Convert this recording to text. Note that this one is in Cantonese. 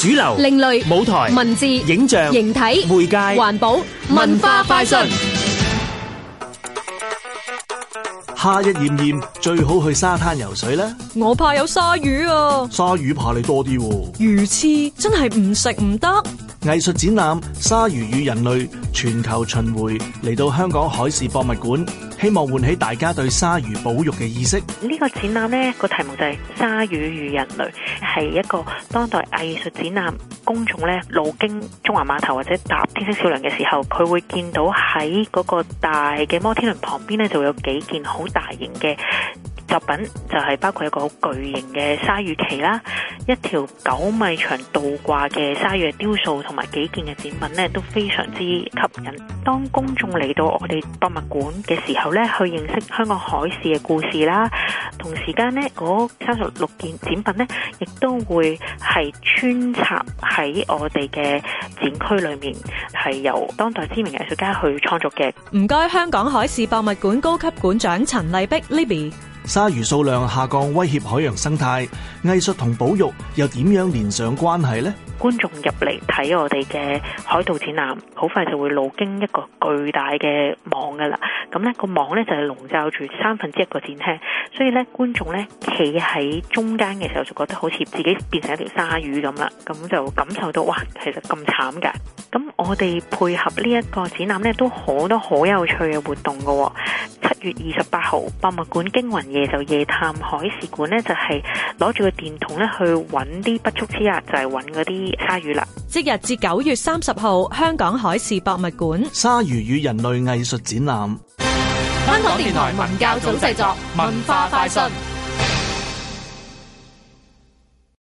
主流、另類舞台、文字、影像、形體、媒介、環保、文化快訊。夏日炎炎，最好去沙灘游水啦。我怕有鯊魚啊！鯊魚怕你多啲。魚翅真係唔食唔得。藝術展覽：鯊魚與人類。全球巡迴嚟到香港海事博物館，希望喚起大家對鯊魚保育嘅意識。呢個展覽呢、呢個題目就係、係《鯊魚與人類》，係一個當代藝術展覽。公眾呢路經中環碼頭或者搭天星小輪嘅時候，佢會見到喺嗰個大嘅摩天輪旁邊呢，就會有幾件好大型嘅。作品就係包括一個巨型嘅鯊魚旗啦，一條九米長倒掛嘅鯊魚雕塑，同埋幾件嘅展品咧都非常之吸引。當公眾嚟到我哋博物館嘅時候咧，去認識香港海事嘅故事啦。同時間呢嗰三十六件展品咧，亦都會係穿插喺我哋嘅展區裏面，係由當代知名藝術家去創作嘅。唔該，香港海事博物館高級館長陳麗碧 Libby。鯊魚數量下降威脅海洋生態，藝術同保育又點樣連上關係呢？觀眾入嚟睇我哋嘅海盜展覽，好快就會路經一個巨大嘅網噶啦。咁、那、呢個網呢，就係籠罩住三分之一個展廳，所以呢，觀眾呢企喺中間嘅時候，就覺得好似自己變成一條鯊魚咁啦。咁就感受到哇，其實咁慘噶。咁我哋配合呢一個展覽呢都好多好有趣嘅活動噶、哦。月二十八號，博物館驚魂夜就夜探海事館呢就係攞住個電筒咧去揾啲不速之客，就係揾嗰啲鯊魚啦。即日至九月三十號，香港海事博物館《鯊魚與人類藝術展覽》。香港電台文教組製作，文化快訊。